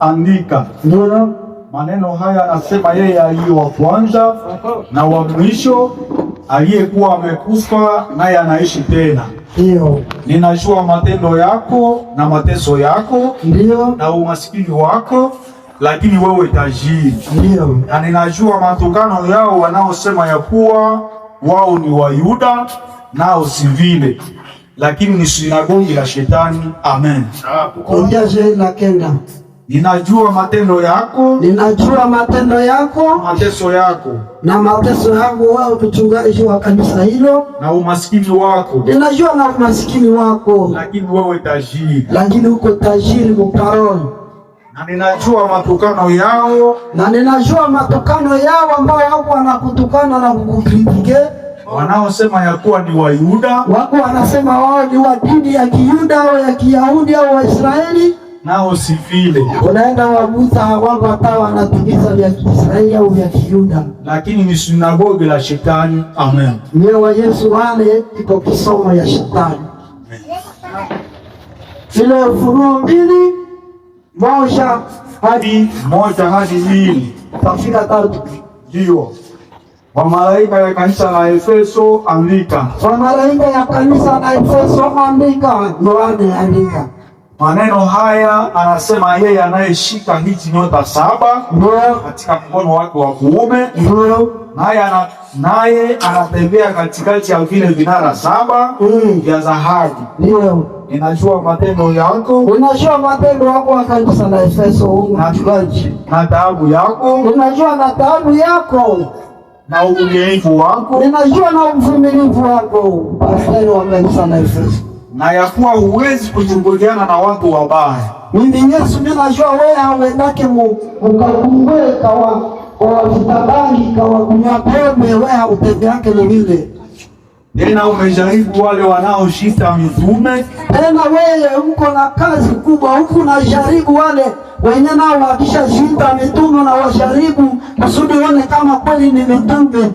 andika. Ndio maneno haya anasema yeye aliye wa kwanza na wa mwisho, aliyekuwa amekufa naye anaishi tena. Ndio ninajua matendo yako na mateso yako, ndio na umasikini wako lakini wewe tajiri. Ndio. Na ninajua matukano yao wanaosema ya kuwa wao ni Wayuda nao si vile, lakini ni sinagogi la Shetani. Amen. Kuongea na kenda Ninajua matendo yako, ninajua matendo yako, mateso yako na mateso yako wao mchungaji wa kanisa hilo, na umaskini wako, ninajua na umaskini wako, lakini wewe tajiri, lakini uko tajiri mukaroni na ninajua matukano yao, na ninajua matukano yao ambao wako wanakutukana na kukukritike, wanaosema ya kuwa ni Wayuda, wako wanasema wao ni wa dini ya Kiyuda au ya Kiyahudi au Waisraeli nao si vile. Unaenda wagusa kwamba hata wanatumiza vya Kiisraeli au vya Kiyuda, lakini ni sinagogi la shetani. Amen. Mie wa Yesu wale iko kisomo ya shetani vile Ufunuo mbili moja hadi moja hadi mbili tafika tatu ndio wa malaika ya kanisa la Efeso andika, wa malaika ya kanisa la Efeso andika, Yohane andika Maneno haya anasema yeye anayeshika hizi nyota saba ndio katika mkono wake wa kuume, ndio naye ana, naye anatembea katikati ya vile vinara saba mm. vya dhahabu. Ndio ninajua matendo yako, unajua matendo yako wa kanisa la Efeso, na taabu yako, unajua na taabu yako na uvumilivu wako, ninajua na uvumilivu wako, pasteri wa kanisa la Efeso na ya kuwa uwezi kuchunguliana na watu wabaya. Mimi Yesu minajua wewe hawendake mukakungwe kawa kawavitabangi kawakunyapembe wewe ni vile tena umejaribu wale wanaoshita mizume. Tena wewe uko na kazi kubwa huku, najaribu wale wenye nao wakisha shita mitume na washaribu kusudi one kama kweli ni mitume,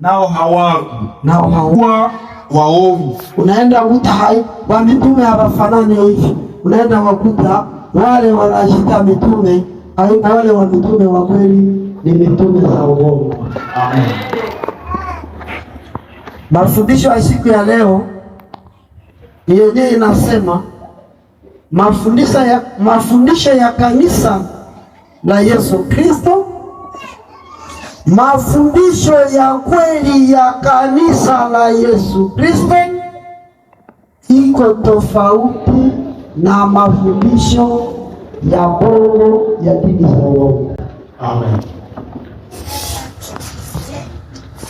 nao hawaku nao hawa waovu. Unaenda kuta hai wa mitume hawafanani hivi, unaenda wakuta wale wanashita mitume aina wale wa mitume wa kweli ni mitume za uongo. Amen. Mafundisho ya siku ya leo yenyewe inasema mafundisho ya, mafundisho ya kanisa la Yesu Kristo mafundisho ya kweli ya kanisa la Yesu Kristo iko tofauti na mafundisho ya bongo ya dini za uongo. Amen.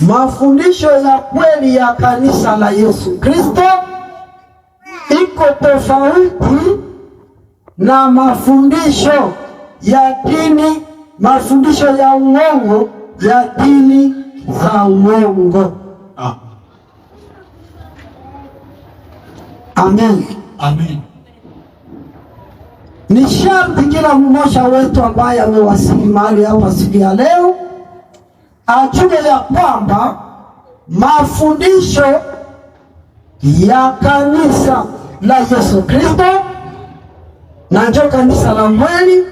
Mafundisho ya kweli ya kanisa la Yesu Kristo iko tofauti na mafundisho ya dini, mafundisho ya uongo ya dini za uongo. Ah. Amen. Amen. Ni sharti kila mmoja wetu ambaye amewasili mahali hapa siku ya leo ajue ya kwamba mafundisho ya kanisa la Yesu Kristo na njo kanisa la mweli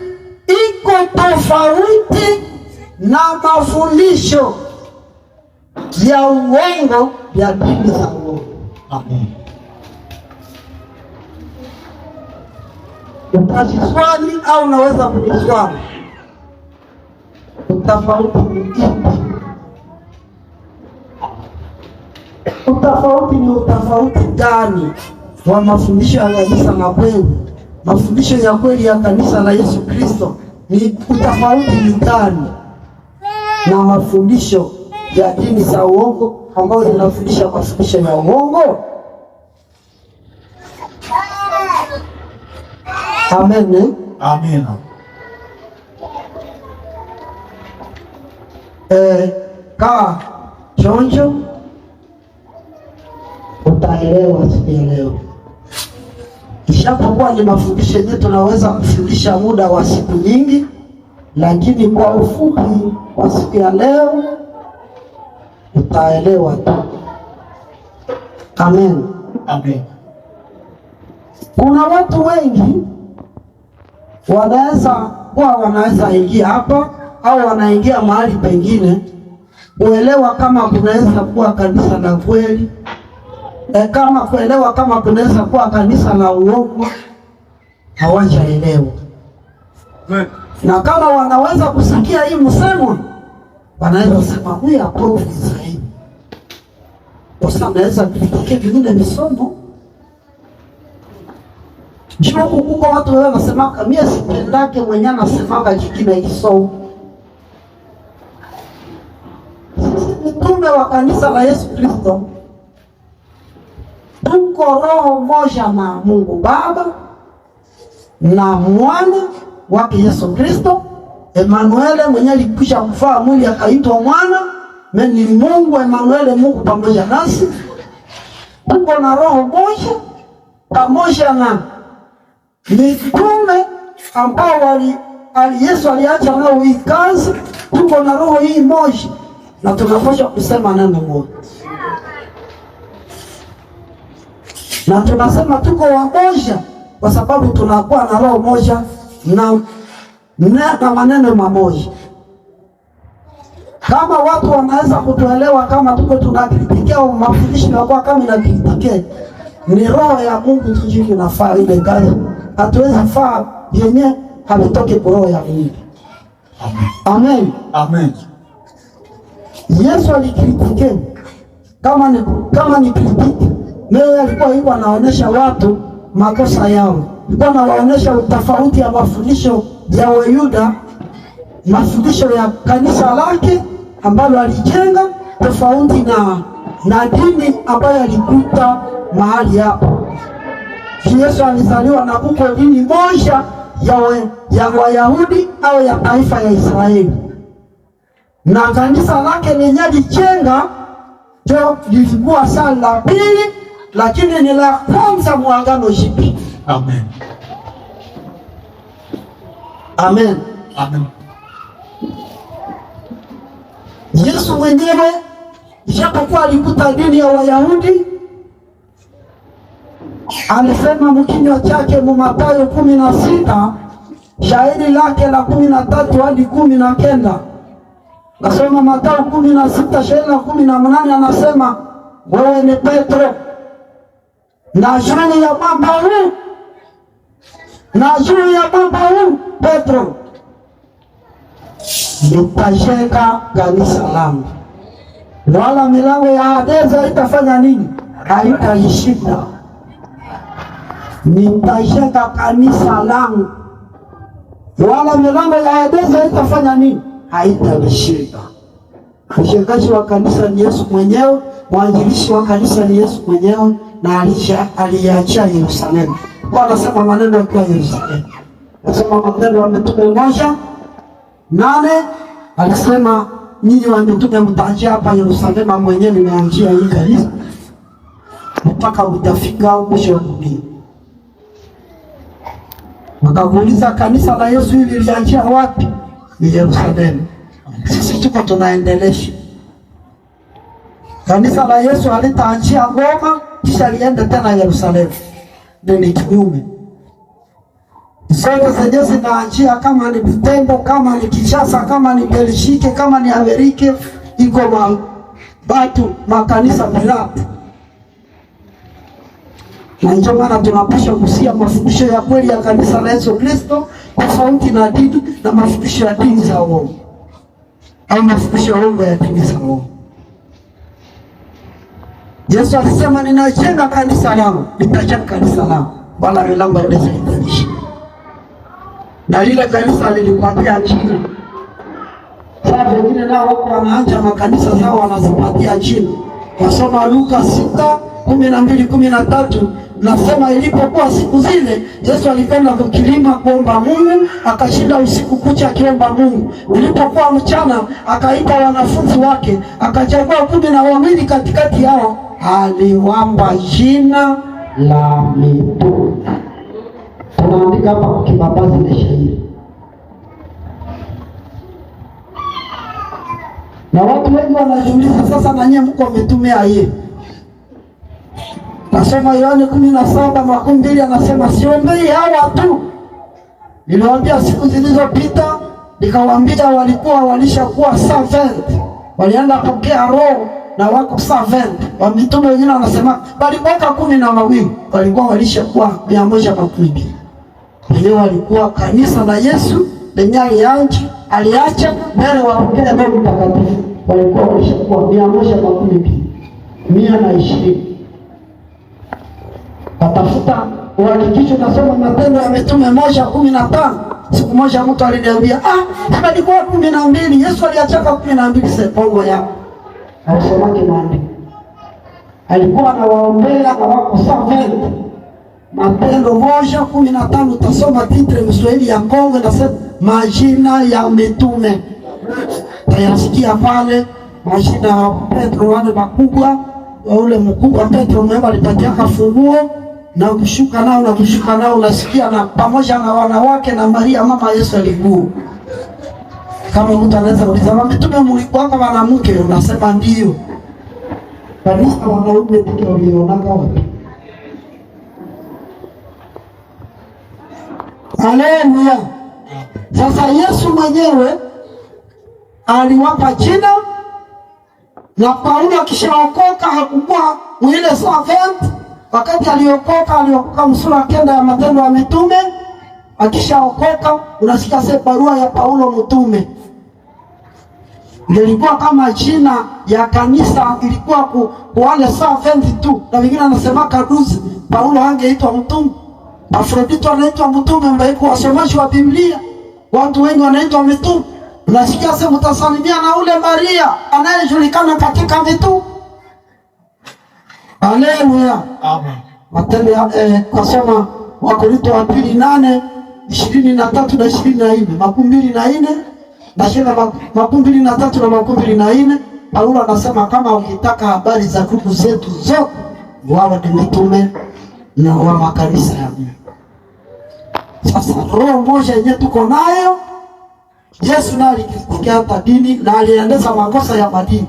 iko tofauti na mafundisho ya uongo ya dini za uongo. Amen. swali au unaweza kujiswali, utafauti ni ipi? Utafauti ni utafauti gani wa mafundisho ya kanisa na kweli, mafundisho ya kweli ya kanisa la Yesu Kristo ni utafauti ni gani? na mafundisho ya dini za uongo ambayo zinafundisha mafundisho ya uongo. Amen. Eh? Amen. Eh, kaa chonjo, utaelewa sielewa. Ishapokuwa ni mafundisho yenyewe tunaweza kufundisha muda wa siku nyingi lakini kwa ufupi, kwa siku ya leo utaelewa tu. Amen, amen. Kuna watu wengi wanaweza kuwa wanaweza ingia hapa au wanaingia mahali pengine kuelewa kama kunaweza kuwa kanisa la kweli e, kama kuelewa kama kunaweza kuwa kanisa la uongo, hawajaelewa na kama wanaweza kusikia hii msemo, wanaweza kusema huyu apofu zaidi, kwa sababu naweza kutokea vingine misomo jiuku kubwa. Watu wao wanasemaka, mimi sipendake mwenye anasemaka kikina kisomo. Mtume wa kanisa la Yesu Kristo tuko roho moja na Mungu Baba na Mwana wake Yesu Kristo Emanuele, mwenye alikwisha kufaa mwili akaitwa mwana meni Mungu Emanuele, Mungu pamoja nasi. tuko na roho moja pamoja na mitume ambao wali ali Yesu aliacha nao hii kazi. Tuko na roho hii moja na tunapaswa kusema neno moja, na tunasema tuko wamoja kwa sababu tunakuwa na roho moja na nata manene mamoi. Kama watu wanaweza kutuelewa kama tuko tunakitikia mafundisho kwa kama inakitikia ni roho ya Mungu tuji kinafaa ile gaya, hatuwezi faa yenye havitoke kwa roho ya Mungu. Amen, amen. Yesu alikritike kama ni kama ni kritiki, leo alikuwa hivyo watu makosa yao Bwana anaonyesha utofauti ya mafundisho ya Wayuda, mafundisho ya kanisa lake ambalo alijenga tofauti na, na dini ambayo alikuta mahali hapo. Yesu alizaliwa na huko dini moja ya, we, ya Wayahudi au ya taifa ya Israeli, na kanisa lake lenye alijenga ndio lilikuwa sana la pili, lakini ni la kwanza muungano jipya Amen. Amen. Amen. Yesu mwenyewe japokuwa alikuta dini ya Wayahudi alisema mkinywa chake Mumatayo kumi na sita shairi lake la kumi na tatu hadi kumi na kenda nasoma Matayo kumi na sita shairi la kumi na mnane anasema wewe ni Petro na juu ya mwamba huu na juu ya mwamba huu Petro nitajenga kanisa langu, wala milango ya adeza itafanya nini? Haitaishinda. Nitajenga kanisa langu, wala milango ya adeza itafanya nini? Haitaishinda. Mjengaji wa kanisa ni Yesu mwenyewe, mwanjilishi wa kanisa ni Yesu mwenyewe, na aliacha Yerusalemu. Anasema maneno akiwa Yerusalemu, nasema Matendo ya Mitume moja nane alisema nyinyi wa mitume mtaanzia hapa Yerusalemu, mwenyewe nimeanzia hii kanisa mpaka utafika mwisho wa dunia. Wakakuuliza, kanisa la Yesu hili lilianzia wapi? Ni Yerusalemu. Sisi tuko tunaendelesha kanisa la Yesu, alitaanzia Goma kisha liende tena Yerusalemu na ni kinyume. Zote zenye zinaanjia, kama ni Butembo, kama ni kishasa kama ni belishike kama ni Amerike, iko batu makanisa milatu na ndio maana tunapaswa kusia mafundisho ya kweli ya kanisa la Yesu Kristo, tofauti na dini na mafundisho ya dini za uongo au mafundisho ya uongo ya dini za uongo. Yesu alisema ninajenga kanisa langu, nitajenga kanisa langu, wala milango haitalishika. Na lile kanisa lilipatia jina. Sasa wengine nao huko wanaanza makanisa zao wanazipatia jina. Wasoma Luka sita kumi na mbili kumi na tatu Nasema ilipokuwa siku zile, Yesu alipenda kukilima kuomba Mungu, akashinda usiku kucha akiomba Mungu. Ilipokuwa mchana, akaita wanafunzi wake, akachagua kumi na wawili katikati yao, aliwamba jina la mitume. Tunaandika hapa kwa Kibambazi na shairi, na watu wengi wanajiuliza sasa, nanye mko mitume aye Nasoma Yohana kumi na saba makumi mbili anasema siombei hawa tu, niliwaambia siku zilizopita, nikawaambia walikuwa walishakuwa servant, walianza pokea roho na wako servant wa mitume wengine wanasema bali mwaka kumi na mawili walikuwa walishakuwa mia moja makumi mbili walikuwa kanisa la Yesu lenye alianji aliacha mbele wapokea Roho Mtakatifu walikuwa walishakuwa mia moja makumi mbili mia na ishirini tafuta uhakikisho, nasoma Matendo ya Mitume moja kumi na tano. Siku moja mtu aliniambia ah, imeandikwa kumi na mbili, Yesu aliachaka kumi na mbili. Sepongo ya ausomake maandiko, alikuwa anawaombea na wako saventi. Matendo moja kumi na tano, utasoma titre mswahili ya Kongo nasema majina ya mitume, tayasikia pale majina ya Petro, wale makubwa ule mkubwa Petro mwema alipatiaka funguo na ukishuka nao na ukishuka nao unasikia, na pamoja na wanawake na Maria mama Yesu aliguu. Kama mtu anaweza kuuliza mtume, mlikuwanga mwanamke? Unasema ndio. Kanisa wanaume ndio waliona wapi? Haleluya! Sasa Yesu mwenyewe aliwapa jina na Paulo akishaokoka hakukuwa mwile servant Wakati aliokoka aliokoka msura kenda ya matendo ya mitume. Akishaokoka unasikia se barua ya Paulo mtume ilikuwa kama jina ya kanisa ilikuwa ku, kuwale fendi tu, na wengine anasema kaduzi. Paulo angeitwa mtume, Afrodito anaitwa mtume, mbaiko wasomaji wa Biblia, watu wengi wanaitwa mitume. Unasikia se mtasalimia na ule Maria anayejulikana katika mitume Haleluya. Amen. Matendo ya eh, kasoma Wakorinto wa pili nane ishirini na tatu na ishirini na nne makumi mbili na nne nasema makumi mbili na tatu na makumi mbili na nne Paulo anasema kama ukitaka habari za ndugu zetu zote wawe ni mitume na wa makanisa ya Mungu. Sasa roho moja yenye tuko nayo Yesu naye alikipiga hata dini na aliendeza makosa ya madini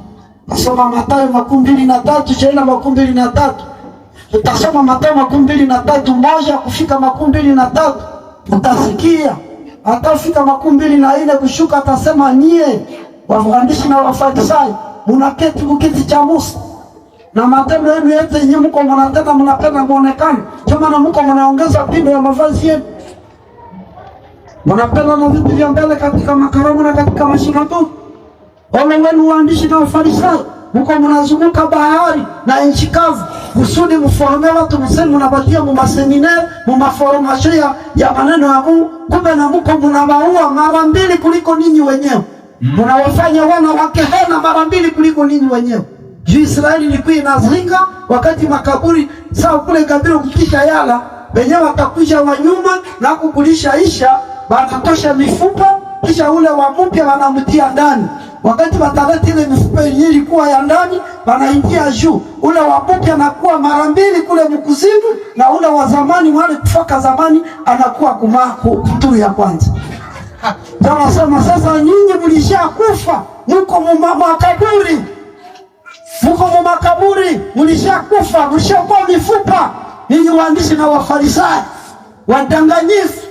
Nasoma Mathayo makumi mbili na tatu chaina makumi mbili na tatu utasoma Mathayo makumi mbili na tatu moja kufika makumi mbili na tatu utasikia hata ufika makumi mbili na ine kushuka, atasema nyie waandishi na wafarisayo munaketi kukiti cha Musa na matendo yenu yote nyinyi mko mnatenda, mnapenda muonekane, kwa maana mko mnaongeza pindo ya mavazi yenu, mnapenda na vitu vya mbele katika makaramu na katika mashinatu Ole wenu waandishi na Wafarisayo, mko mnazunguka bahari na nchi kavu kusudi mforme watu, mseni, munabatia mumaseminari mumaformasio ya maneno ya Mungu, kumbe na mko munawaua mara mbili kuliko ninyi wenyewe, munawafanya wana wake Gehenna mara mbili kuliko ninyi wenyewe. Juu Israeli ilikuwa inazinga wakati makaburi sawa kule Gabiro kukisha yala wenyewe watakuja wanyuma na kukulisha isha, wanatosha mifupa kisha ule wa mpya wanamtia ndani Wakati wataleta ile mifupa ilikuwa ya ndani, wanaingia juu, ule wabuki anakuwa mara mbili kule mkuzimu, na ule wa zamani wale kutoka zamani anakuwa kumaku mturu ya kwanza. Tunasema sasa, nyinyi mlishakufa, mko makaburi, mko makaburi, mlishakufa, mlishakuwa mifupa, ninyi waandishi na Wafarisayo wadanganyifu